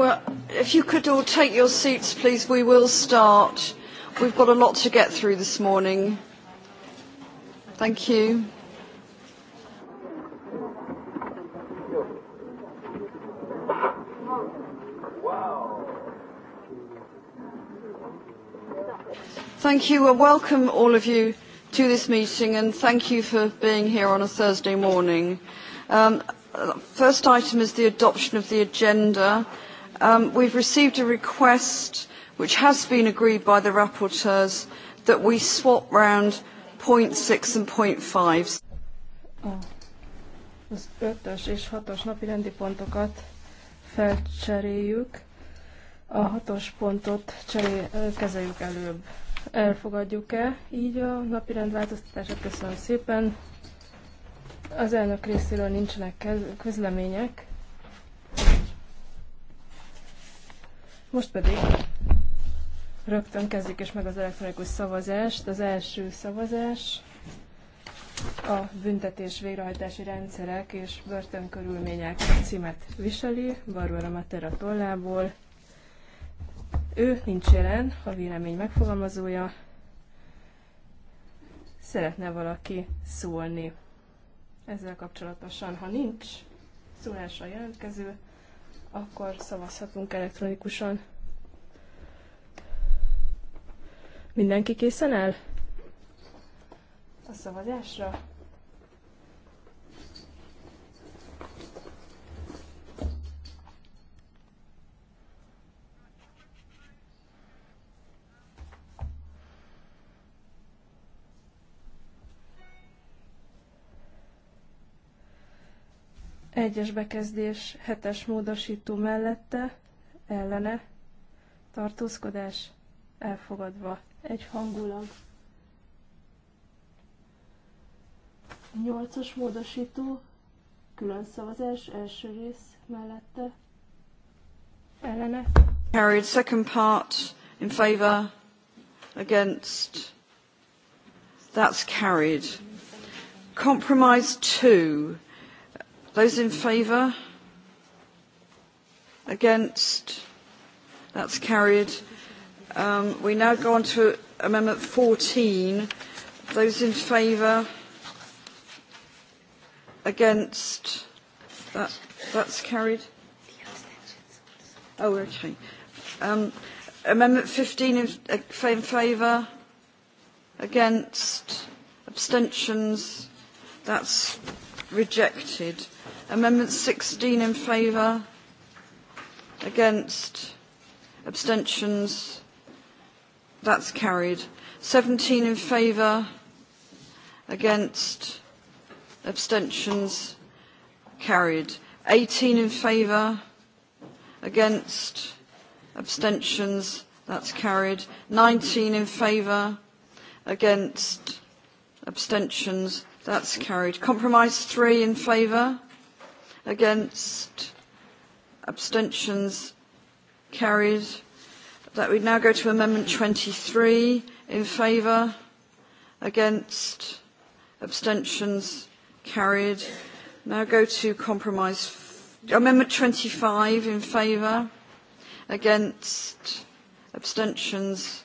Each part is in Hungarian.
Well, if you could all take your seats, please, we will start. We've got a lot to get through this morning. Thank you. Thank you and welcome all of you to this meeting and thank you for being here on a Thursday morning. Um, uh, first item is the adoption of the agenda. Um, we've received a request which has been agreed by the rapporteurs that we swap round point six and point five. Oh. és hatos napi rendi pontokat felcseréljük. A hatos pontot cseré, kezeljük előbb. Elfogadjuk-e így a napi rend változtatását? Köszönöm szépen. Az elnök részéről nincsenek közlemények. Most pedig rögtön kezdjük is meg az elektronikus szavazást. Az első szavazás a büntetés végrehajtási rendszerek és börtönkörülmények címet viseli, Barbara Matera tollából. Ő nincs jelen, a vélemény megfogalmazója. Szeretne valaki szólni ezzel kapcsolatosan, ha nincs szólásra jelentkező, akkor szavazhatunk elektronikusan. Mindenki készen áll? A szavazásra? Egyes bekezdés, hetes módosító mellette, ellene, tartózkodás, elfogadva, egy hangulag. Nyolcas módosító, külön szavazás, első rész mellette, ellene. Carried second part in favour, against, that's carried. Compromise two Those in favour? Against? That's carried. Um, we now go on to Amendment 14. Those in favour? Against? That, that's carried. Oh, okay. Um, amendment 15 in, uh, in favour? Against? Abstentions? That's rejected. Amendment 16 in favour, against, abstentions, that's carried. 17 in favour, against, abstentions, carried. 18 in favour, against, abstentions, that's carried. 19 in favour, against, abstentions, that's carried. Compromise 3 in favour, Against? Abstentions? Carried. That we now go to Amendment 23. In favour? Against? Abstentions? Carried. Now go to Compromise. Amendment 25. In favour? Against? Abstentions?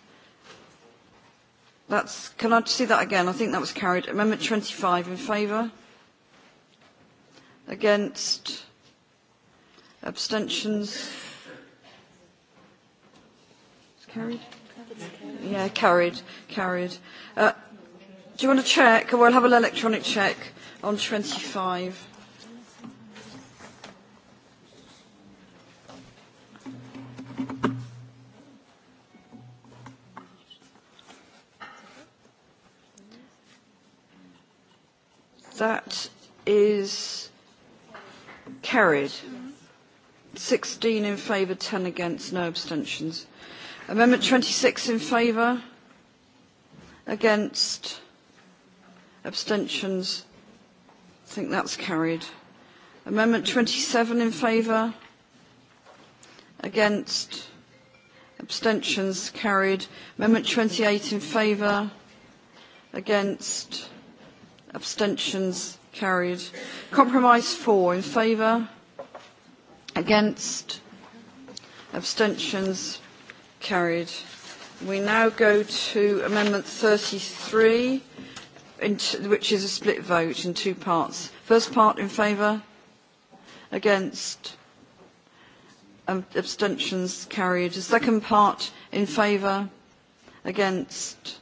That's, can I see that again? I think that was carried. Amendment 25 in favour. Against? Abstentions? It's carried? Yeah, carried, carried. Uh, do you want to check? We'll have an electronic check on 25. That is carried. 16 in favour, 10 against, no abstentions. Amendment 26 in favour, against, abstentions. I think that's carried. Amendment 27 in favour, against, abstentions carried. Amendment 28 in favour, against, abstentions Carried. Compromise four in favour. Against. Abstentions. Carried. We now go to Amendment 33, which is a split vote in two parts. First part in favour. Against. abstentions carried. The second part in favour. Against.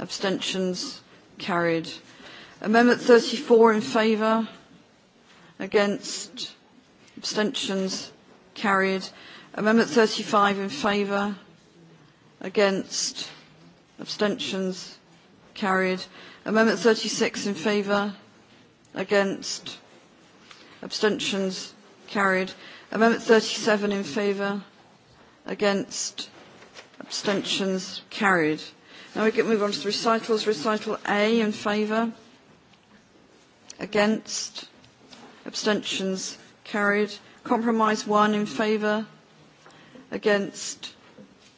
Abstentions carried. Amendment 34 in favour, against, abstentions, carried. Amendment 35 in favour, against, abstentions, carried. Amendment 36 in favour, against, abstentions, carried. Amendment 37 in favour, against, abstentions, carried. Now we can move on to the recitals. Recital A in favour, Against? Abstentions? Carried. Compromise 1 in favour? Against?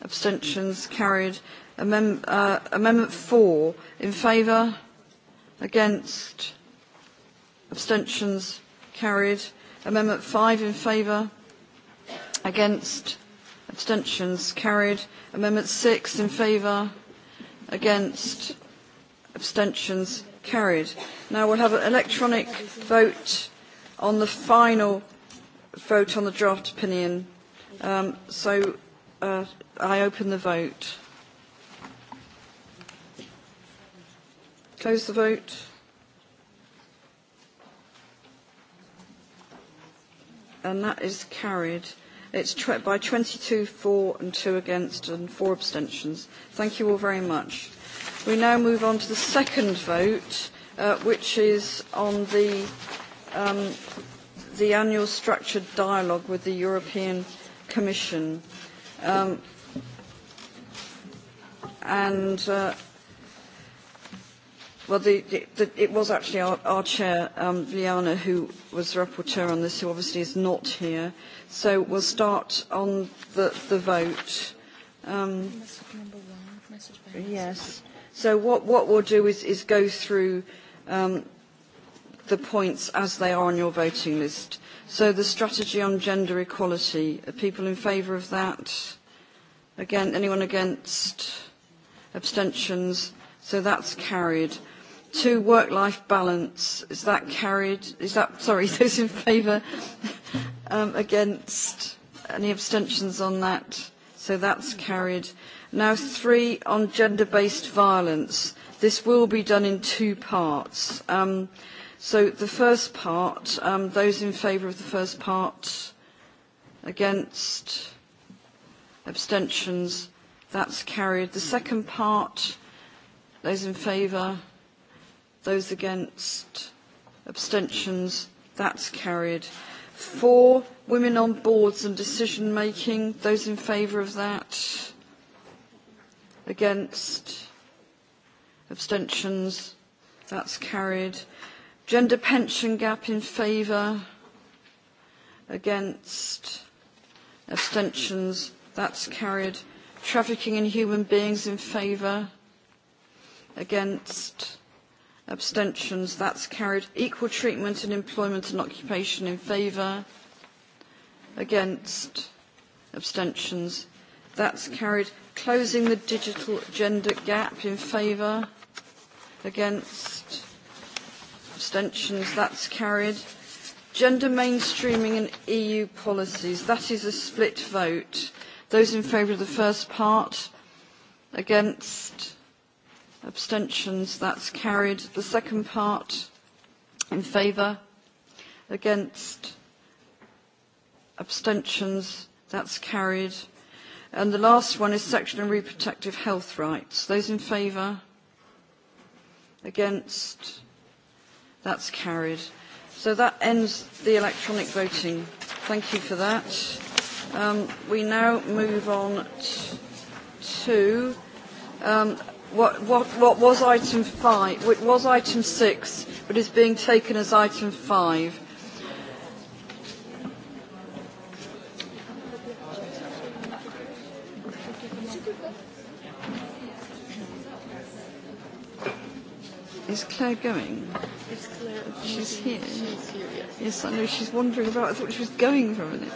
Abstentions? Carried. Amem uh, amendment 4 in favour? Against? Abstentions? Carried. Amendment 5 in favour? Against? Abstentions? Carried. Amendment 6 in favour? Against? Abstentions? Carried. Now we'll have an electronic vote on the final vote on the draft opinion. Um, so uh, I open the vote. Close the vote. And that is carried. It's tw by 22 for and 2 against and 4 abstentions. Thank you all very much. We now move on to the second vote, uh, which is on the, um, the annual structured dialogue with the European Commission. Um, and uh, Well, the, the, the, it was actually our, our chair, um, Liana, who was the rapporteur on this, who obviously is not here. So we'll start on the, the vote. Um, message number one, message by yes. Message. So what, what we'll do is, is go through um, the points as they are on your voting list. So the strategy on gender equality, are people in favour of that? Again, anyone against? Abstentions? So that's carried. Two, work-life balance, is that carried? Is that, sorry, those in favour? um, against? Any abstentions on that? So that's carried. Now three on gender-based violence. This will be done in two parts. Um, so the first part, um, those in favour of the first part, against, abstentions, that's carried. The second part, those in favour, those against, abstentions, that's carried. Four, women on boards and decision making, those in favour of that Against? Abstentions? That's carried. Gender pension gap in favour? Against? Abstentions? That's carried. Trafficking in human beings in favour? Against? Abstentions? That's carried. Equal treatment in employment and occupation in favour? Against? Abstentions? That's carried. Closing the digital gender gap in favour, against, abstentions, that's carried. Gender mainstreaming and EU policies, that is a split vote. Those in favour of the first part, against, abstentions, that's carried. The second part, in favour, against, abstentions, that's carried. And the last one is sexual and reproductive health rights. Those in favour? Against? That's carried. So that ends the electronic voting. Thank you for that. Um, we now move on to um, what, what, what was item five, what was item six, but is being taken as item five Claire going? Is Claire? She's here. She's here. Yes. yes, I know she's wandering about. I thought she was going for a minute.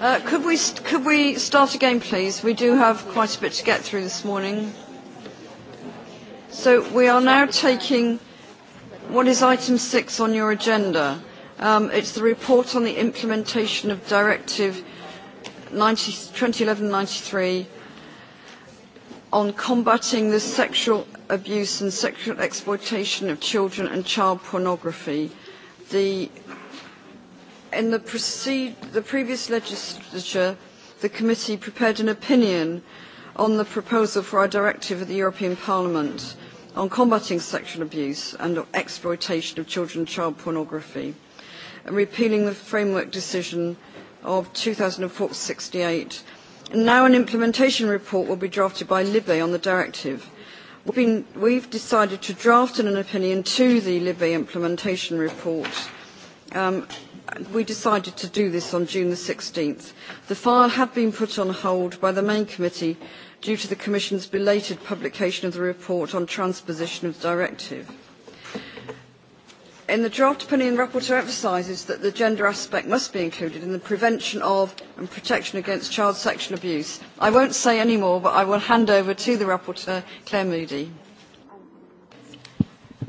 Uh, could we could we start again, please? We do have quite a bit to get through this morning. So we are now taking what is item six on your agenda. Um, it's the report on the implementation of Directive 2011-93 on combating the sexual abuse and sexual exploitation of children and child pornography. The in the, proceed, the previous legislature, the committee prepared an opinion on the proposal for our directive of the European Parliament on combating sexual abuse and exploitation of children and child pornography and repealing the framework decision of 2004-68. And now an implementation report will be drafted by Libe on the directive. We've, been, we've decided to draft an opinion to the Libe implementation report um, we decided to do this on June the 16th. The file had been put on hold by the main committee due to the Commission's belated publication of the report on transposition of the directive. In the draft opinion, the rapporteur emphasises that the gender aspect must be included in the prevention of and protection against child sexual abuse. I won't say any more, but I will hand over to the rapporteur, Claire Moody.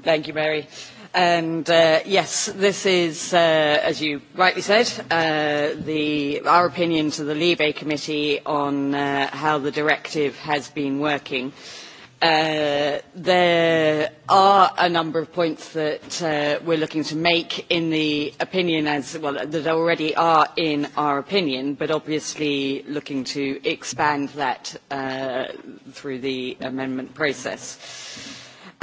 Thank you, Mary. And uh, yes, this is, uh, as you rightly said, uh, the, our opinion to the Libe Committee on uh, how the directive has been working. Uh, there are a number of points that uh, we're looking to make in the opinion as well that already are in our opinion but obviously looking to expand that uh, through the amendment process.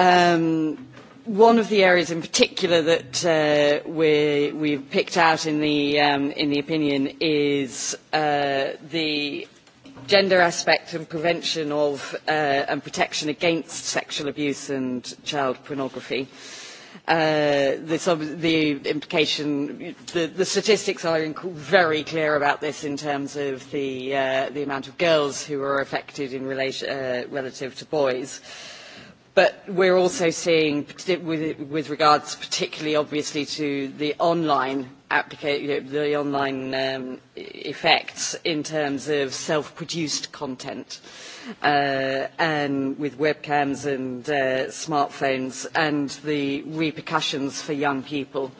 Um, one of the areas in particular that uh, we, we've picked out in the, um, in the opinion is uh, the gender aspect and prevention of uh, and protection against sexual abuse and child pornography. Uh, sub, the implication, the, the statistics are very clear about this in terms of the, uh, the amount of girls who are affected in relation, uh, relative to boys. Uh, But we're also seeing, with, with regards particularly obviously to the online application, the online um, effects in terms of self-produced content uh, and with webcams and uh, smartphones and the repercussions for young people.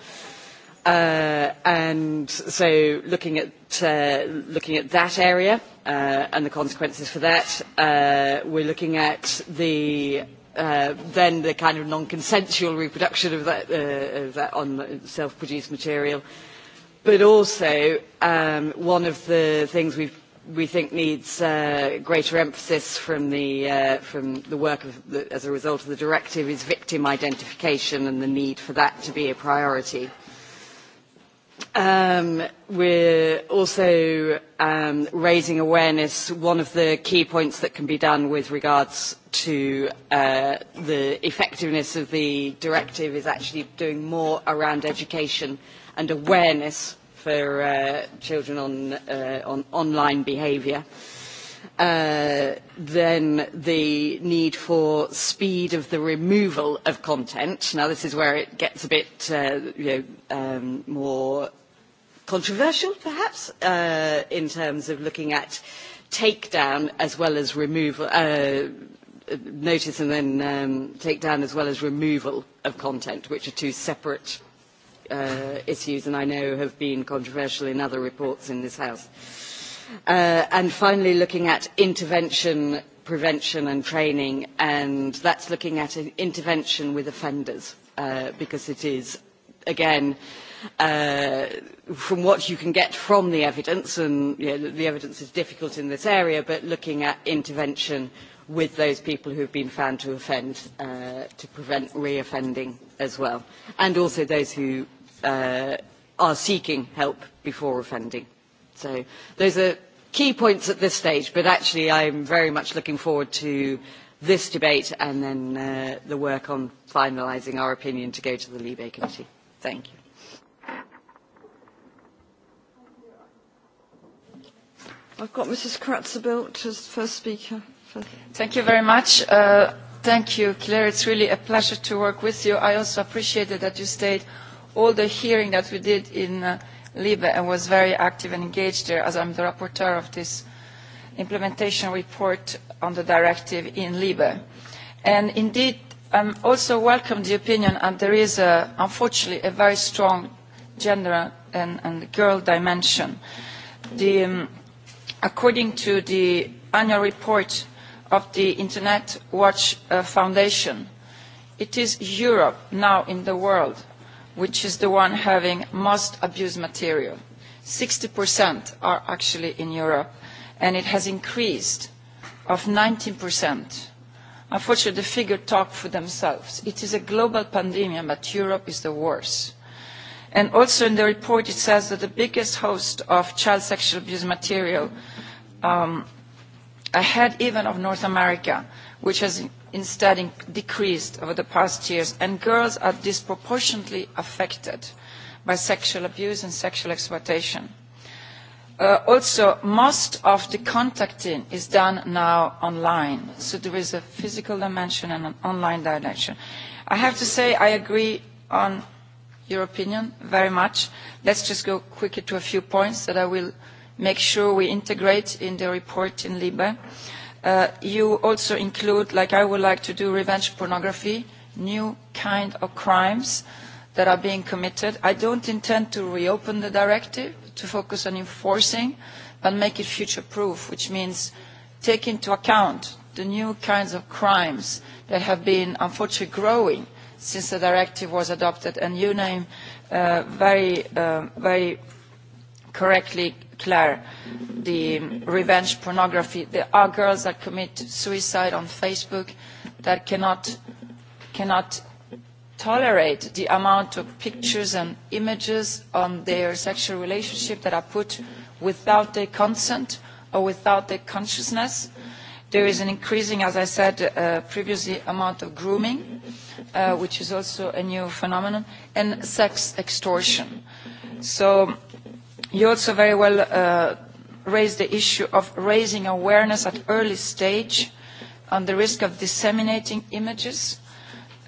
Uh, and so looking at, uh, looking at that area uh, and the consequences for that, uh, we're looking at the Uh, then the kind of non-consensual reproduction of that, uh, of that on self-produced material. But also, um, one of the things we've, we think needs uh, greater emphasis from the, uh, from the work of the, as a result of the directive is victim identification and the need for that to be a priority. Um, we're also um, raising awareness. One of the key points that can be done with regards to uh, the effectiveness of the directive is actually doing more around education and awareness for uh, children on, uh, online behaviour uh, then the need for speed of the removal of content. Now, this is where it gets a bit uh, you know, um, more controversial, perhaps, uh, in terms of looking at takedown as well as removal, uh, notice and then um, takedown as well as removal of content, which are two separate uh, issues and I know have been controversial in other reports in this House. Uh, and finally, looking at intervention, prevention and training, and that's looking at an intervention with offenders, uh, because it is, again, uh, from what you can get from the evidence, and you know, the evidence is difficult in this area, but looking at intervention with those people who have been found to offend uh, to prevent reoffending as well, and also those who uh, are seeking help before offending. So those are key points at this stage, but actually I'm very much looking forward to this debate and then uh, the work on finalising our opinion to go to the Libe Committee. Thank you. I've got Mrs. Kratzabilt as first speaker. Thank you very much. Uh, thank you, Claire. It's really a pleasure to work with you. I also appreciated that you stayed all the hearing that we did in uh, Libe and was very active and engaged there as I'm the rapporteur of this implementation report on the directive in Libe. And indeed, I um, also welcome the opinion and there is, a, unfortunately, a very strong gender and, and girl dimension. The, um, according to the annual report of the Internet Watch uh, Foundation, it is Europe now in the world which is the one having most abused material. 60% are actually in Europe, and it has increased of 19%. Unfortunately, the figures talk for themselves. It is a global pandemic, but Europe is the worst. And also in the report, it says that the biggest host of child sexual abuse material, um, ahead even of North America, which has instead decreased over the past years, and girls are disproportionately affected by sexual abuse and sexual exploitation. Uh, also, most of the contacting is done now online, so there is a physical dimension and an online dimension. I have to say I agree on your opinion very much. Let's just go quickly to a few points that I will make sure we integrate in the report in Libe. Uh, Uh, you also include, like I would like to do, revenge pornography, new kind of crimes that are being committed. I don't intend to reopen the directive to focus on enforcing, but make it future-proof, which means take into account the new kinds of crimes that have been unfortunately growing since the directive was adopted, and you name uh, very, uh, very correctly Claire, the revenge pornography. There are girls that commit suicide on Facebook that cannot, cannot tolerate the amount of pictures and images on their sexual relationship that are put without their consent or without their consciousness. There is an increasing, as I said uh, previously, amount of grooming, uh, which is also a new phenomenon, and sex extortion. So You also very well uh, raised the issue of raising awareness at early stage on the risk of disseminating images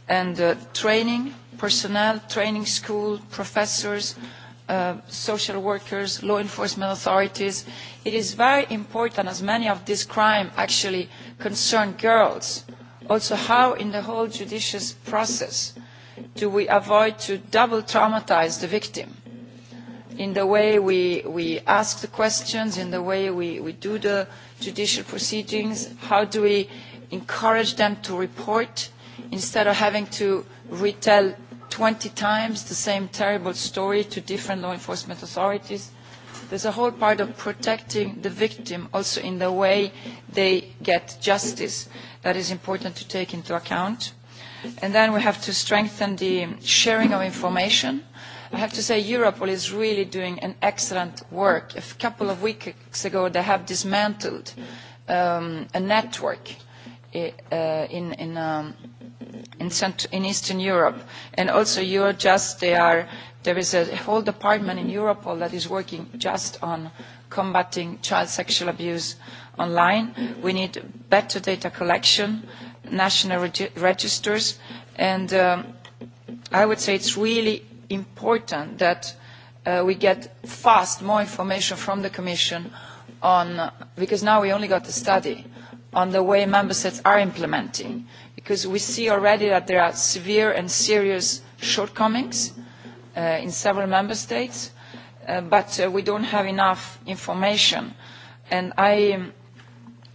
and uh, training personnel, training school, professors, uh, social workers, law enforcement authorities. It is very important as many of these crimes actually concern girls. Also how in the whole judicious process do we avoid to double traumatize the victim? in the way we, we ask the questions, in the way we, we do the judicial proceedings, how do we encourage them to report instead of having to retell 20 times the same terrible story to different law enforcement authorities. There's a whole part of protecting the victim also in the way they get justice that is important to take into account. And then we have to strengthen the sharing of information I have to say Europol is really doing an excellent work. A couple of weeks ago they have dismantled um, a network eh, uh, in, in, um, in, in Eastern Europe. And also Eurojust, they are, there is a whole department in Europol that is working just on combating child sexual abuse online. We need better data collection, national reg registers, and um, I would say it's really important that uh, we get fast more information from the Commission on, because now we only got the study, on the way member states are implementing, because we see already that there are severe and serious shortcomings uh, in several member states, uh, but uh, we don't have enough information. And I,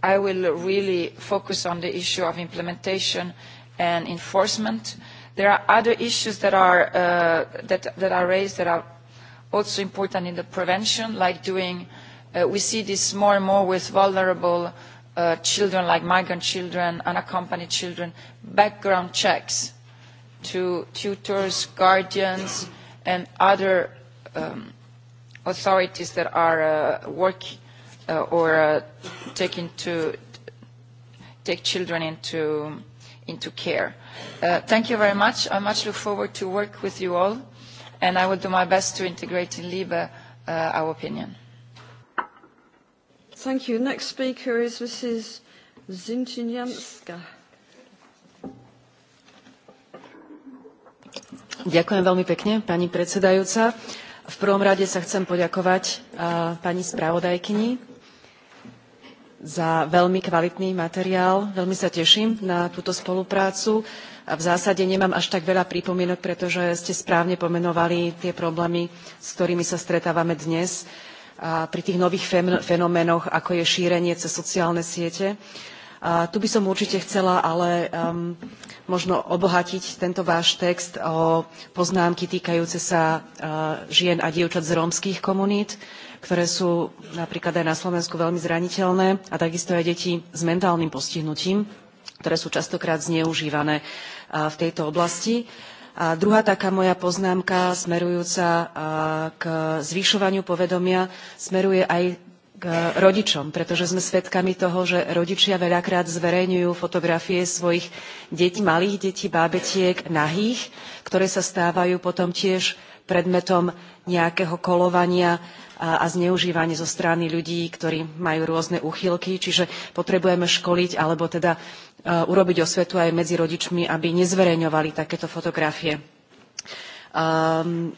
I will really focus on the issue of implementation and enforcement There are other issues that are, uh, that, that are raised that are also important in the prevention, like doing, uh, we see this more and more with vulnerable uh, children like migrant children, unaccompanied children, background checks to tutors, guardians, and other um, authorities that are uh, working uh, or uh, taking to take children into into care. Uh, thank you very much. I much look forward to work with you all, and I will do my best to integrate in LIBE uh, our opinion. Thank you. Next speaker is Mrs. Zinčinianska. Ďakujem veľmi pekne, pani predsedajúca. V prvom rade sa chcem poďakovať uh, pani spravodajkyni za veľmi kvalitný materiál. Veľmi sa teším na túto spoluprácu. A v zásade nemám až tak veľa pripomienok, pretože ste správne pomenovali tie problémy, s ktorými sa stretávame dnes a pri tých nových fenoménoch, ako je šírenie cez sociálne siete. A tu by som určite chcela ale um, možno obohatiť tento váš text o poznámky týkajúce sa uh, žien a dievčat z rómskych komunít. Uh, ktoré sú napríklad aj na Slovensku veľmi zraniteľné a takisto aj deti s mentálnym postihnutím, ktoré sú častokrát zneužívané v tejto oblasti. A druhá taká moja poznámka smerujúca k zvyšovaniu povedomia smeruje aj k rodičom, pretože sme svedkami toho, že rodičia veľakrát zverejňujú fotografie svojich detí, malých detí, bábetiek, nahých, ktoré sa stávajú potom tiež predmetom nejakého kolovania a zneužívanie zo strany ľudí, ktorí majú rôzne úchylky, čiže potrebujeme školiť alebo teda e, urobiť osvetu aj medzi rodičmi, aby nezverejňovali takéto fotografie. Um,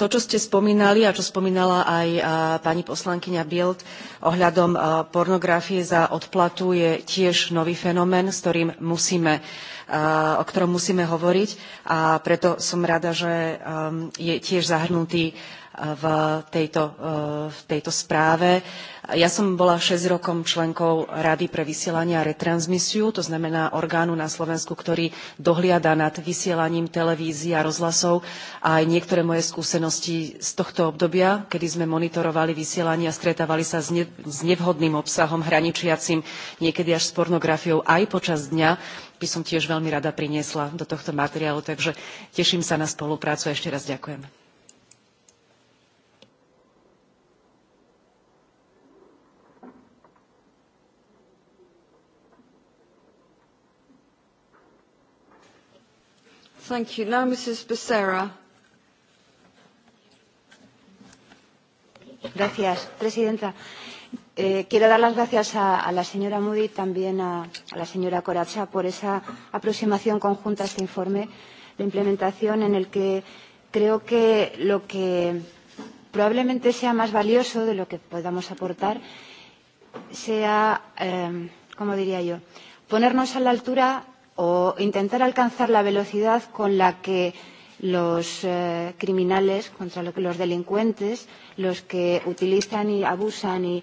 to, čo ste spomínali a čo spomínala aj e, pani poslankyňa Bild ohľadom e, pornografie za odplatu je tiež nový fenomén, s ktorým musíme, o ktorom musíme hovoriť a preto som rada, že ehm, je tiež zahrnutý v tejto, e, v tejto správe. Ja som bola 6 rokom členkou Rady pre vysielanie a retransmisiu, to znamená orgánu na Slovensku, ktorý dohliada nad vysielaním televízií a rozhlasov a aj niektoré moje skúsenosti z tohto obdobia, kedy sme monitorovali vysielanie a stretávali sa s, ne, s nevhodným obsahom, hraničiacim niekedy až s pornografiou aj počas dňa, by som tiež veľmi rada priniesla do tohto materiálu, takže teším sa na spoluprácu a ešte raz ďakujem. Thank you. Now Mrs. Becerra. Gracias, presidenta. Eh, quiero dar las gracias a, a la señora Moody y también a, a la señora Corazza por esa aproximación conjunta a este informe de implementación en el que creo que lo que probablemente sea más valioso de lo que podamos aportar sea, eh, ¿cómo diría yo?, ponernos a la altura o intentar alcanzar la velocidad con la que los eh, criminales, contra lo que los delincuentes, los que utilizan y abusan y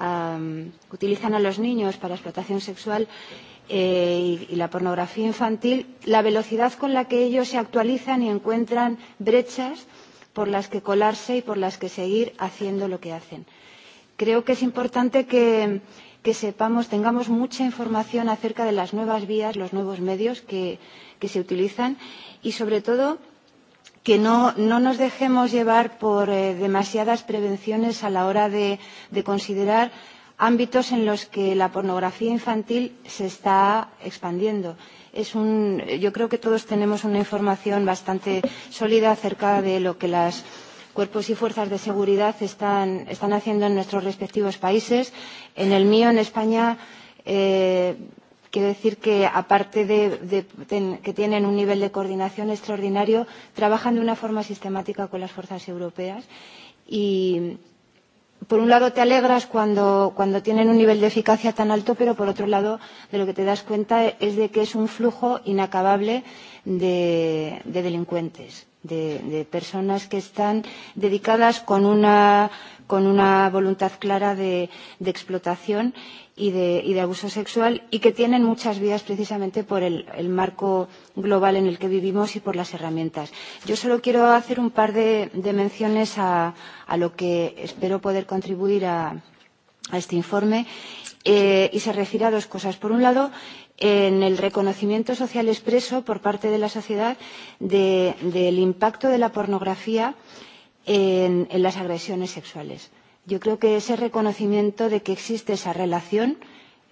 um, utilizan a los niños para explotación sexual eh, y, y la pornografía infantil, la velocidad con la que ellos se actualizan y encuentran brechas por las que colarse y por las que seguir haciendo lo que hacen. Creo que es importante que que sepamos, tengamos mucha información acerca de las nuevas vías, los nuevos medios que, que se utilizan y, sobre todo, que no, no nos dejemos llevar por eh, demasiadas prevenciones a la hora de, de considerar ámbitos en los que la pornografía infantil se está expandiendo. Es un, yo creo que todos tenemos una información bastante sólida acerca de lo que las cuerpos y fuerzas de seguridad están, están haciendo en nuestros respectivos países. En el mío, en España, eh, quiero decir que aparte de, de ten, que tienen un nivel de coordinación extraordinario, trabajan de una forma sistemática con las fuerzas europeas y por un lado te alegras cuando, cuando tienen un nivel de eficacia tan alto, pero por otro lado de lo que te das cuenta es de que es un flujo inacabable de, de delincuentes de, de personas que están dedicadas con una, con una voluntad clara de, de explotación y de, y de abuso sexual y que tienen muchas vidas precisamente por el, el marco global en el que vivimos y por las herramientas. Yo solo quiero hacer un par de, de menciones a, a lo que espero poder contribuir a, a este informe eh, y se refiere a dos cosas. Por un lado, en el reconocimiento social expreso por parte de la sociedad de, del impacto de la pornografía en, en las agresiones sexuales. Yo creo que ese reconocimiento de que existe esa relación,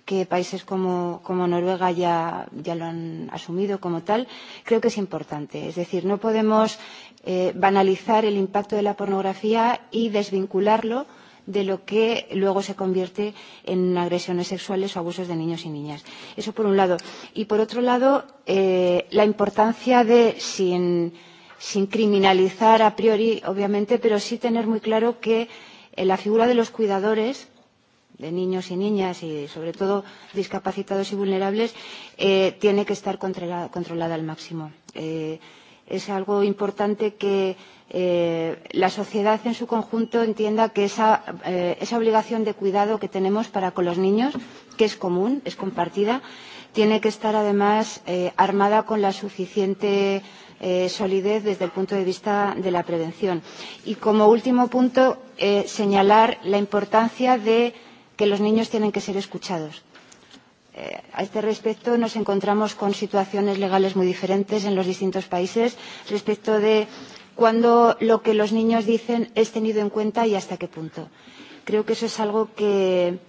que países como, como Noruega ya, ya lo han asumido como tal, creo que es importante. Es decir, no podemos eh, banalizar el impacto de la pornografía y desvincularlo de lo que luego se convierte en agresiones sexuales o abusos de niños y niñas. Eso por un lado. Y por otro lado, eh, la importancia de, sin, sin criminalizar a priori, obviamente, pero sí tener muy claro que eh, la figura de los cuidadores de niños y niñas y sobre todo discapacitados y vulnerables eh, tiene que estar controlada, controlada al máximo. Eh, es algo importante que eh, la sociedad en su conjunto entienda que esa, eh, esa obligación de cuidado que tenemos para con los niños, que es común, es compartida, tiene que estar además eh, armada con la suficiente eh, solidez desde el punto de vista de la prevención. Y como último punto, eh, señalar la importancia de que los niños tienen que ser escuchados Eh, a este respecto, nos encontramos con situaciones legales muy diferentes en los distintos países respecto de cuándo lo que los niños dicen es tenido en cuenta y hasta qué punto. Creo que eso es algo que,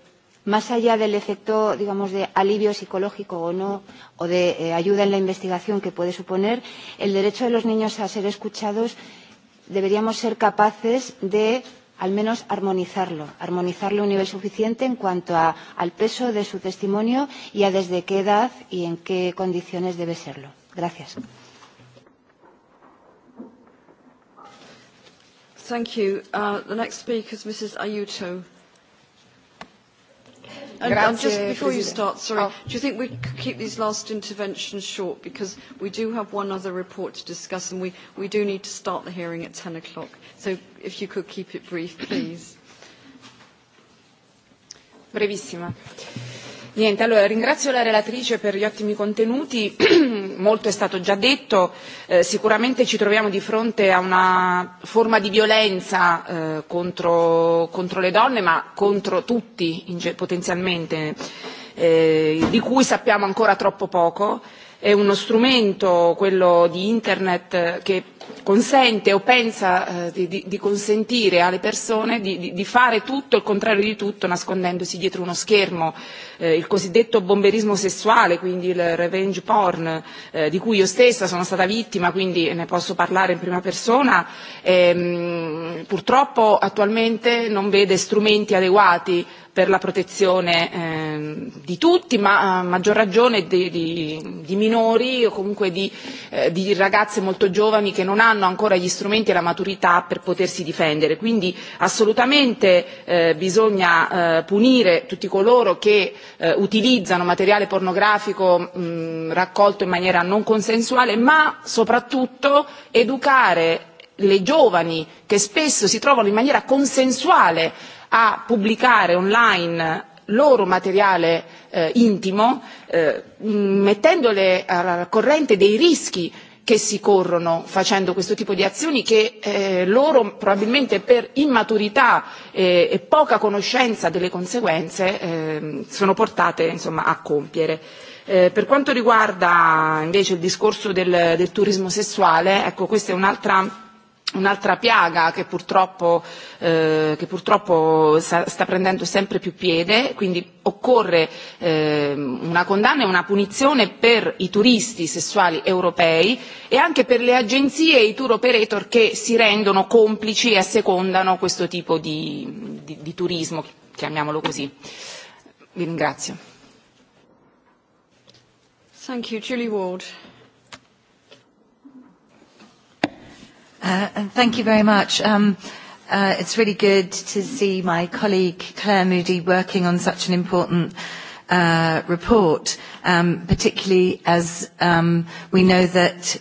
más allá del efecto, digamos, de alivio psicológico o no, o de eh, ayuda en la investigación que puede suponer, el derecho de los niños a ser escuchados deberíamos ser capaces de al menos armonizarlo, armonizarlo a un nivel suficiente en cuanto a, al peso de su testimonio y a desde qué edad y en qué condiciones debe serlo. Gracias. Thank you. Uh, the next speaker is Mrs. Ayuto. And, um, and just before you start, sorry, oh. do you think we could keep these last interventions short? Because we do have one other report to discuss and we, we do need to start the hearing at 10 o'clock. So if you could keep it brief, please. Brevissima. Niente, allora ringrazio la relatrice per gli ottimi contenuti, molto è stato già detto, eh, sicuramente ci troviamo di fronte a una forma di violenza eh, contro, contro le donne, ma contro tutti in, potenzialmente, eh, di cui sappiamo ancora troppo poco è uno strumento, quello di Internet, eh, che consente o pensa eh, di, di consentire alle persone di, di, di fare tutto il contrario di tutto nascondendosi dietro uno schermo. Eh, il cosiddetto bomberismo sessuale, quindi il revenge porn, eh, di cui io stessa sono stata vittima, quindi ne posso parlare in prima persona, ehm, purtroppo attualmente non vede strumenti adeguati per la protezione eh, di tutti, ma a maggior ragione di, di, di minori o comunque di, eh, di ragazze molto giovani che non hanno ancora gli strumenti e la maturità per potersi difendere. Quindi assolutamente eh, bisogna eh, punire tutti coloro che eh, utilizzano materiale pornografico mh, raccolto in maniera non consensuale, ma soprattutto educare le giovani che spesso si trovano in maniera consensuale a pubblicare online loro materiale eh, intimo eh, mettendole al corrente dei rischi che si corrono facendo questo tipo di azioni che eh, loro probabilmente per immaturità eh, e poca conoscenza delle conseguenze eh, sono portate insomma, a compiere. Eh, per quanto riguarda invece il discorso del, del turismo sessuale, ecco questa è un'altra un'altra piaga che purtroppo, eh, che purtroppo sta, sta prendendo sempre più piede, quindi occorre eh, una condanna e una punizione per i turisti sessuali europei e anche per le agenzie e i tour operator che si rendono complici e assecondano questo tipo di, di, di turismo, chiamiamolo così. Vi ringrazio. Thank you, Julie Ward. Uh, and thank you very much. Um, uh, it's really good to see my colleague Claire Moody working on such an important uh, report, um, particularly as um, we know that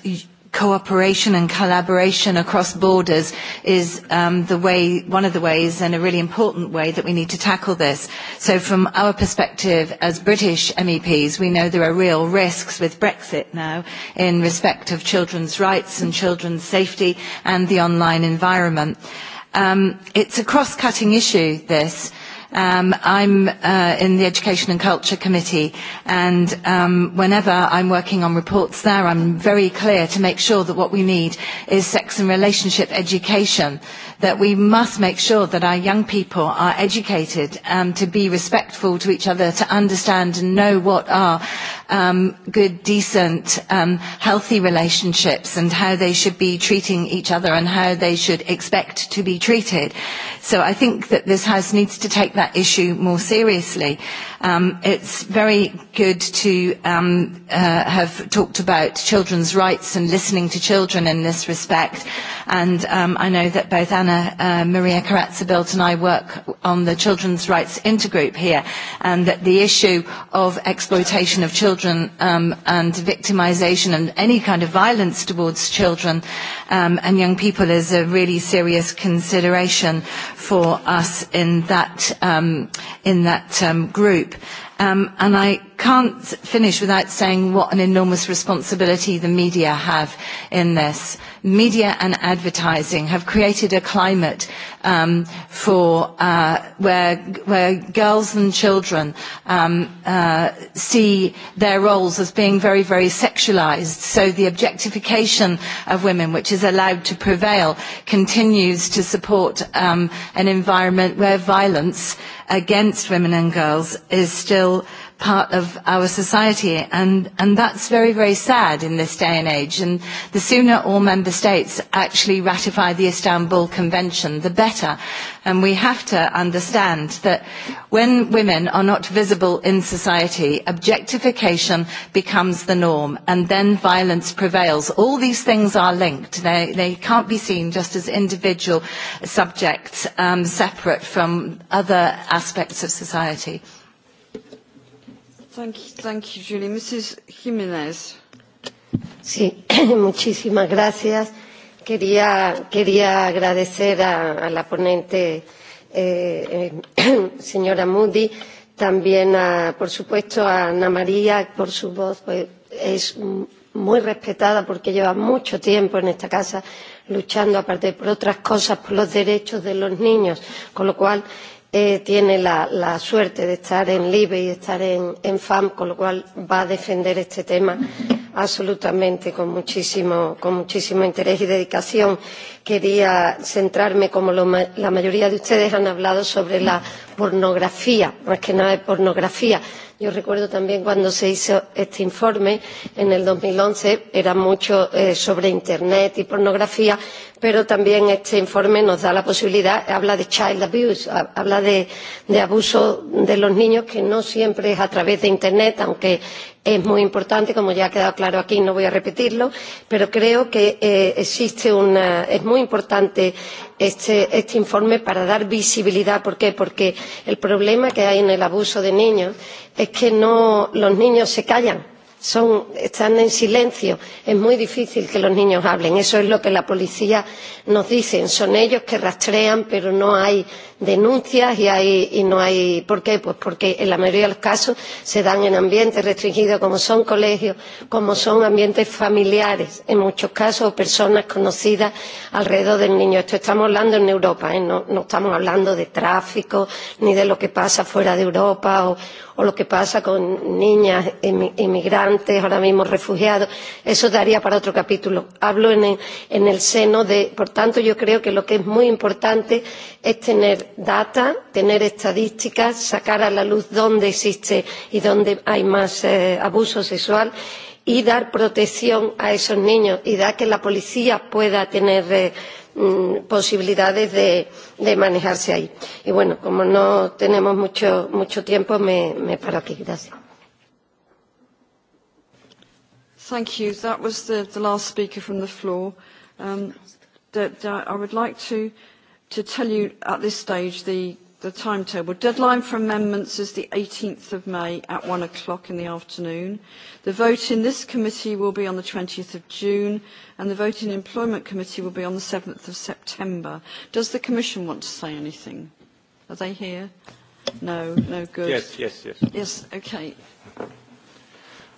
cooperation and collaboration across borders is um, the way, one of the ways and a really important way that we need to tackle this. So from our perspective as British MEPs, we know there are real risks with Brexit now in respect of children's rights and children's safety and the online environment. Um, it's a cross-cutting issue, this. Um, I'm uh, in the Education and Culture Committee, and um, whenever I'm working on reports there, I'm very clear to make sure that what we need is sex and relationship education, that we must make sure that our young people are educated um, to be respectful to each other, to understand and know what are um, good, decent, um, healthy relationships and how they should be treating each other and how they should expect to be treated. So I think that this House needs to take that issue more seriously. Um, it's very good to um, uh, have talked about children's rights and listening to children in this respect. And um, I know that both Anna uh, Maria karatza and I work on the Children's Rights Intergroup here, and that the issue of exploitation of children children um, and victimization and any kind of violence towards children um, and young people is a really serious consideration for us in that, um, in that um, group. Um, and I can't finish without saying what an enormous responsibility the media have in this. Media and advertising have created a climate um, for uh, where where girls and children um, uh, see their roles as being very very sexualized. So the objectification of women, which is allowed to prevail, continues to support um, an environment where violence against women and girls is still part of our society and, and that's very, very sad in this day and age. And the sooner all member states actually ratify the Istanbul Convention, the better. And we have to understand that when women are not visible in society, objectification becomes the norm and then violence prevails. All these things are linked. They, they can't be seen just as individual subjects um, separate from other aspects of society. muchísimas gracias. Quería, quería agradecer a, a la ponente, eh, eh, señora Moody, también, a, por supuesto, a Ana María por su voz. Pues, es muy respetada porque lleva mucho tiempo en esta casa luchando, aparte por otras cosas, por los derechos de los niños, con lo cual eh, tiene la, la suerte de estar en LIBE y estar en, en FAM, con lo cual va a defender este tema absolutamente con muchísimo, con muchísimo interés y dedicación. Quería centrarme, como lo, la mayoría de ustedes han hablado, sobre la pornografía, más que nada de pornografía Yo recuerdo también cuando se hizo este informe en el 2011, era mucho eh, sobre Internet y pornografía, pero también este informe nos da la posibilidad, habla de child abuse, habla de, de abuso de los niños que no siempre es a través de Internet, aunque es muy importante, como ya ha quedado claro aquí, no voy a repetirlo, pero creo que eh, existe una, es muy importante este, informe para dar visibilidad. Porque el problema que hay en el abuso de niños es que los niños se callan son, están en silencio. Es muy difícil que los niños hablen. Eso es lo que la policía nos dice. Son ellos que rastrean, pero no hay denuncias y, hay, y no hay. ¿Por qué? Pues porque en la mayoría de los casos se dan en ambientes restringidos, como son colegios, como son ambientes familiares, en muchos casos, o personas conocidas alrededor del niño. Esto estamos hablando en Europa, ¿eh? no, no estamos hablando de tráfico ni de lo que pasa fuera de Europa o, o lo que pasa con niñas inmigrantes, ahora mismo refugiados, eso daría para otro capítulo. Hablo en el, en el seno de, por tanto, yo creo que lo que es muy importante es tener data, tener estadísticas, sacar a la luz dónde existe y dónde hay más eh, abuso sexual y dar protección a esos niños y dar que la policía pueda tener eh, mm, posibilidades de, de manejarse ahí. Y bueno, como no tenemos mucho, mucho tiempo, me, me paro aquí. Gracias. Thank you. That was the, the last speaker from the floor. Um, that, that I would like to, to tell you at this stage the the timetable. Deadline for amendments is the 18th of May at 1 o'clock in the afternoon. The vote in this committee will be on the 20th of June and the vote in Employment Committee will be on the 7th of September. Does the Commission want to say anything? Are they here? No, no good. Yes, yes, yes. Yes, okay.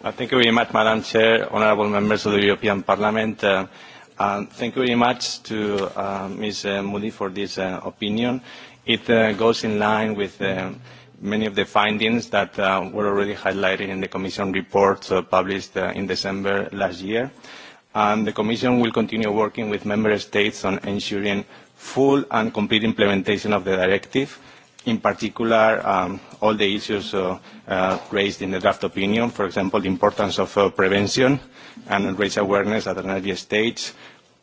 Uh, thank you very much, Madam Chair, honourable members of the European Parliament. Uh, uh, thank you very much to uh, Ms. Moody for this uh, opinion It uh, goes in line with uh, many of the findings that uh, were already highlighted in the Commission report uh, published uh, in December last year. And the Commission will continue working with Member States on ensuring full and complete implementation of the directive, in particular um, all the issues uh, uh, raised in the draft opinion, for example, the importance of uh, prevention and raise awareness at an early stage,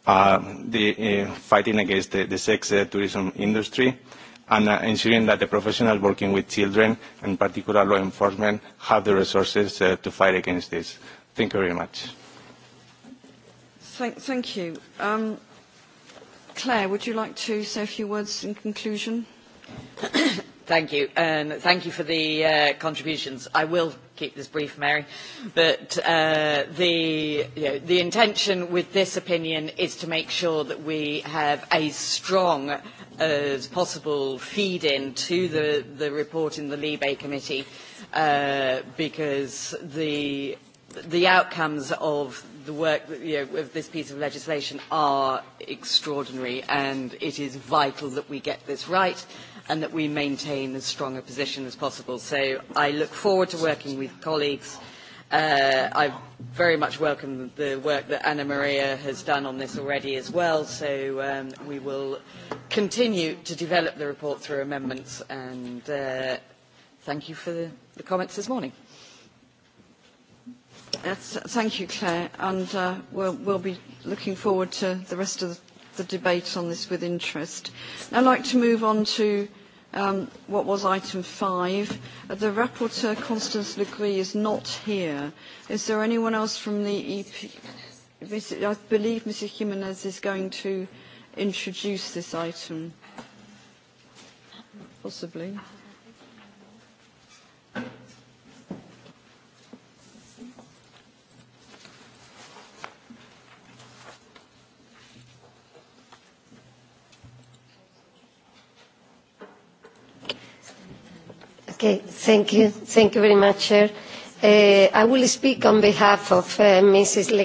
uh, the uh, fighting against the, the sex uh, tourism industry, uh, and uh, ensuring that the professionals working with children, in particular law enforcement, have the resources uh, to fight against this. Thank you very much. Thank, thank you. Um, Claire, would you like to say a few words in conclusion? Thank you, and thank you for the uh, contributions. I will keep this brief, Mary, but uh, the, you know, the intention with this opinion is to make sure that we have a strong as possible feed-in to the, the report in the Libe Committee uh, because the, the outcomes of the work you know, of this piece of legislation are extraordinary and it is vital that we get this right and that we maintain as strong a position as possible. So I look forward to working with colleagues. Uh, I very much welcome the work that Anna Maria has done on this already as well, so um, we will continue to develop the report through amendments, and uh, thank you for the, the comments this morning. Yes, thank you, Claire, and uh, we'll, we'll be looking forward to the rest of the the debate on this with interest. Now I'd like to move on to um, what was item five. Uh, the rapporteur, Constance Legree, is not here. Is there anyone else from the EP? I believe Mrs. Jimenez is going to introduce this item. Possibly. Okay, thank you. Thank you very much, Chair. Uh, I will speak on behalf of uh, Mrs. Le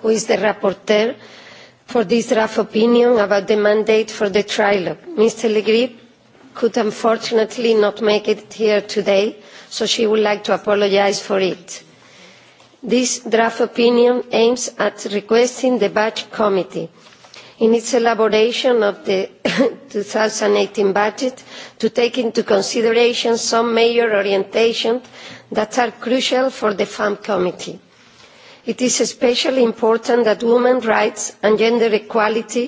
who is the rapporteur for this draft opinion about the mandate for the trilogue. Mr. Le could unfortunately not make it here today, so she would like to apologise for it. This draft opinion aims at requesting the Budget Committee in its elaboration of the two thousand and eighteen budget to take into consideration some major orientations that are crucial for the femm committee. it is especially important that women's rights and gender equality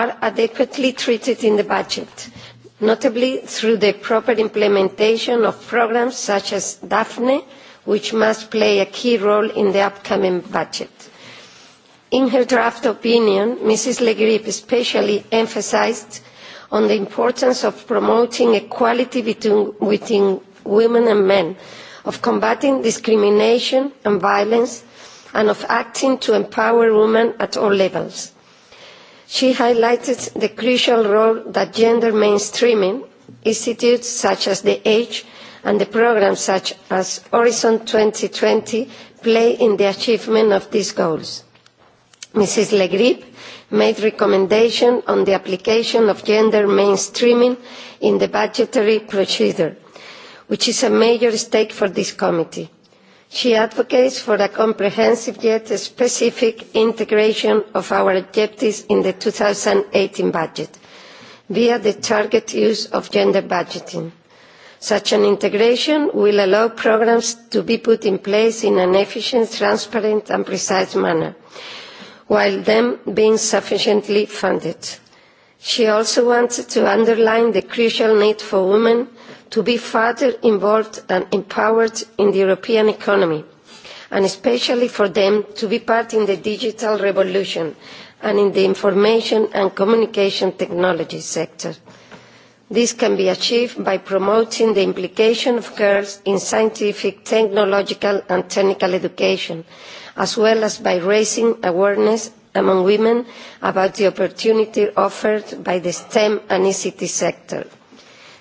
are adequately treated in the budget notably through the proper implementation of programmes such as daphne which must play a key role in the upcoming budget. In her draft opinion, Mrs. Le Grip especially emphasised on the importance of promoting equality between, women and men, of combating discrimination and violence, and of acting to empower women at all levels. She highlighted the crucial role that gender mainstreaming, institutes such as the Age and the programmes such as Horizon 2020 play in the achievement of these goals. Mrs. Le Grip made recommendation on the application of gender mainstreaming in the budgetary procedure, which is a major stake for this committee. She advocates for a comprehensive yet specific integration of our objectives in the 2018 budget via the target use of gender budgeting. Such an integration will allow programmes to be put in place in an efficient, transparent and precise manner while them being sufficiently funded. She also wanted to underline the crucial need for women to be further involved and empowered in the European economy, and especially for them to be part in the digital revolution and in the information and communication technology sector. This can be achieved by promoting the implication of girls in scientific, technological and technical education as well as by raising awareness among women about the opportunity offered by the STEM and ICT e sector.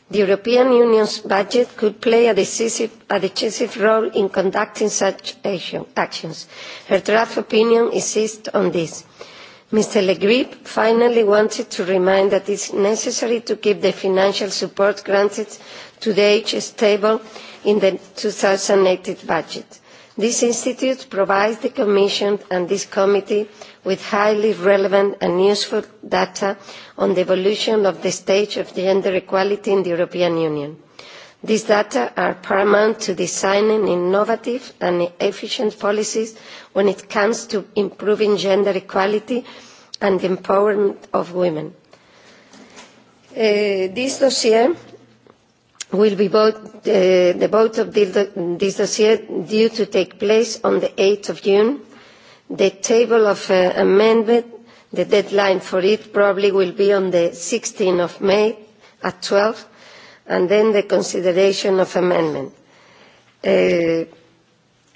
The European Union's budget could play a decisive, a decisive role in conducting such action, actions. Her draft opinion insists on this. Mr Le Grip finally wanted to remind that it is necessary to keep the financial support granted to the age stable in the two thousand and eighteen budget. This institute provides the Commission and this committee with highly relevant and useful data on the evolution of the stage of gender equality in the European Union. These data are paramount to designing innovative and efficient policies when it comes to improving gender equality and the empowerment of women. Uh, this dossier will be uh, the vote of this dossier due to take place on the 8th of June. The table of uh, amendment, the deadline for it probably will be on the 16th of May at 12, and then the consideration of amendment. Uh,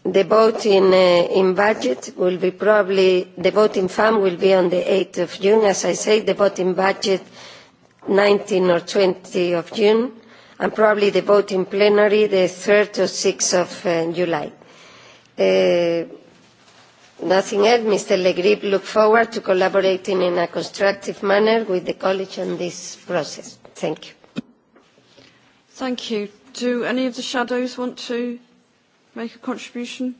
the vote in, uh, in budget will be probably, the vote in FAM will be on the 8th of June, as I say, the vote in budget 19 or 20 of June and probably the vote in plenary the 3rd or 6th of uh, July. Uh, Nothing else. Mr. Legrip Grip look forward to collaborating in a constructive manner with the College on this process. Thank you. Thank you. Do any of the shadows want to make a contribution?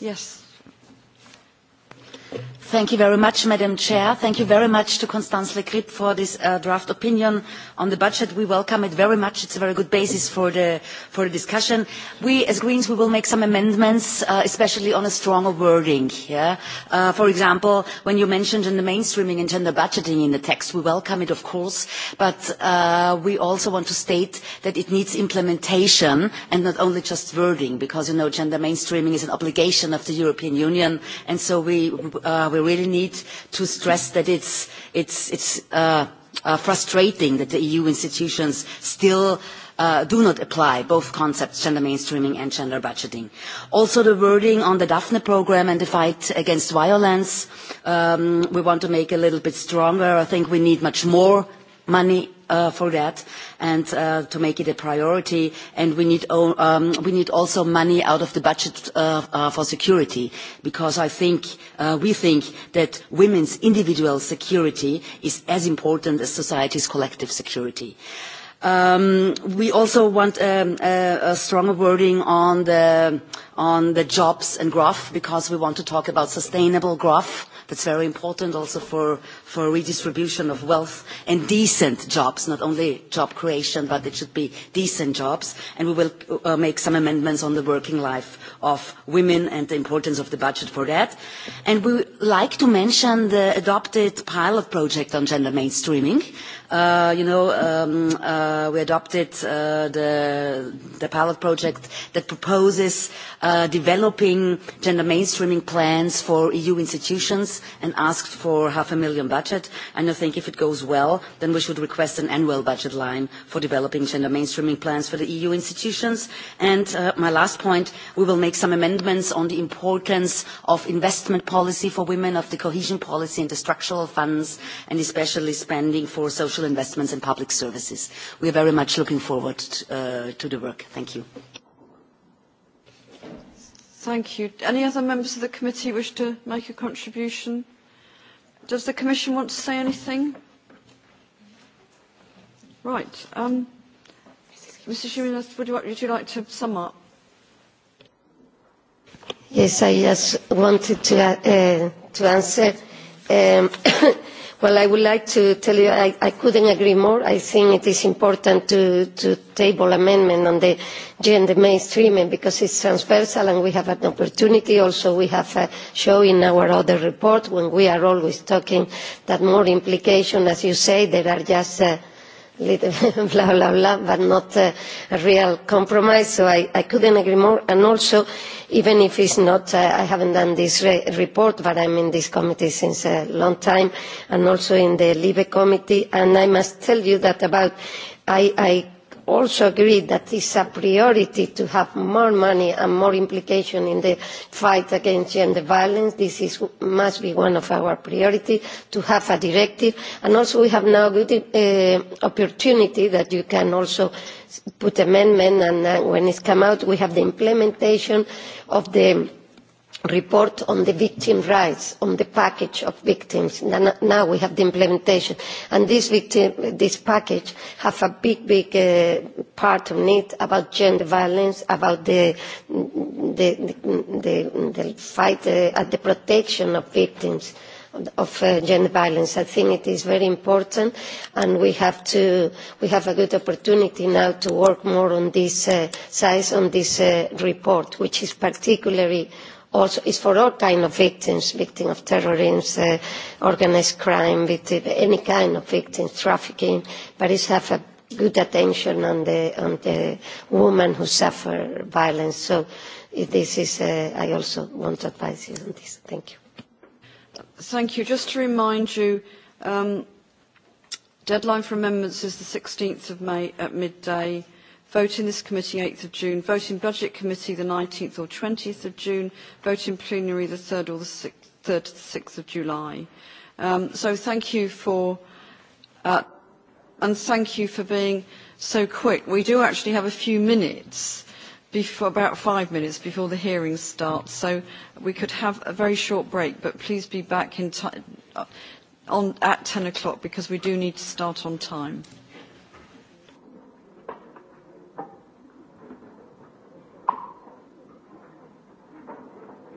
Yes. Thank you very much, Madam Chair. Thank you very much to Constance Le Grip for this uh, draft opinion on the budget. We welcome it very much. It's a very good basis for the, for the discussion. We, as Greens, we will make some amendments, uh, especially on a stronger wording. Yeah? Uh, for example, when you mentioned in the mainstreaming and gender budgeting in the text, we welcome it, of course, but uh, we also want to state that it needs implementation and not only just wording, because, you know, gender mainstreaming is an obligation of the European Union, and so we, uh, we really need to stress that it's, it's, it's uh, uh, frustrating that the EU institutions still uh, do not apply both concepts, gender mainstreaming and gender budgeting. Also the wording on the Daphne programme and the fight against violence, um, we want to make a little bit stronger. I think we need much more money uh, for that and uh, to make it a priority. And we need, um, we need also money out of the budget uh, uh, for security because I think, uh, we think that women's individual security is as important as society's collective security. Um, we also want um, a, a stronger wording on the, on the jobs and growth because we want to talk about sustainable growth It's very important also for, for redistribution of wealth and decent jobs, not only job creation, but it should be decent jobs. And we will uh, make some amendments on the working life of women and the importance of the budget for that. And we like to mention the adopted pilot project on gender mainstreaming, Uh, you know, um, uh, we adopted uh, the, the pilot project that proposes uh, developing gender mainstreaming plans for EU institutions and asked for half a million budget. And I think if it goes well, then we should request an annual budget line for developing gender mainstreaming plans for the EU institutions. And uh, my last point, we will make some amendments on the importance of investment policy for women, of the cohesion policy and the structural funds, and especially spending for social social investments and public services. We are very much looking forward to, uh, to the work. Thank you. Thank you. Any other members of the committee wish to make a contribution? Does the Commission want to say anything? Right. Um, Mr. Jimenez, would you, would you like to sum up? Yes, I just wanted to, uh, to answer. Um, Well, I would like to tell you I, I couldn't agree more. I think it is important to, table amendment on the gender mainstreaming because it's transversal and we have an opportunity. Also, we have shown in our other report when we are always talking that more implication, as you say, there are just uh, little blah blah blah but not a real compromise so I, couldn't agree more and also even if it's not uh, I haven't done this report but I'm in this committee since a long time and also in the LIBE committee and I must tell you that about I, I also agree that it is a priority to have more money and more implication in the fight against gender violence. This must be one of our priorities, to have a directive. And also we have now a good uh, opportunity that you can also put amendments and uh, when it comes out we have the implementation of the report on the victim rights, on the package of victims. Now we have the implementation. And this, victim, this package has a big, big uh, part of it about gender violence, about the, the, the, the fight uh, at the protection of victims of uh, gender violence. I think it is very important, and we have to we have a good opportunity now to work more on this uh, size on this uh, report, which is particularly also is for all kind of victims, victim of terrorism, uh, organized crime, victim, uh, any kind of victims, trafficking, but it have a good attention on the, on the women who suffer violence. So this is, uh, I also want to advise you on this. Thank you. Thank you. Just to remind you, um, deadline for amendments is the 16th of May at midday vote in this committee 8th of June, vote in budget committee the 19th or 20th of June, vote in plenary the 3rd or the 6th, 3rd to the 6th of July. Um, so thank you for, uh, and thank you for being so quick. We do actually have a few minutes before, about five minutes before the hearing starts, so we could have a very short break, but please be back in time, uh, on, at 10 o'clock because we do need to start on time.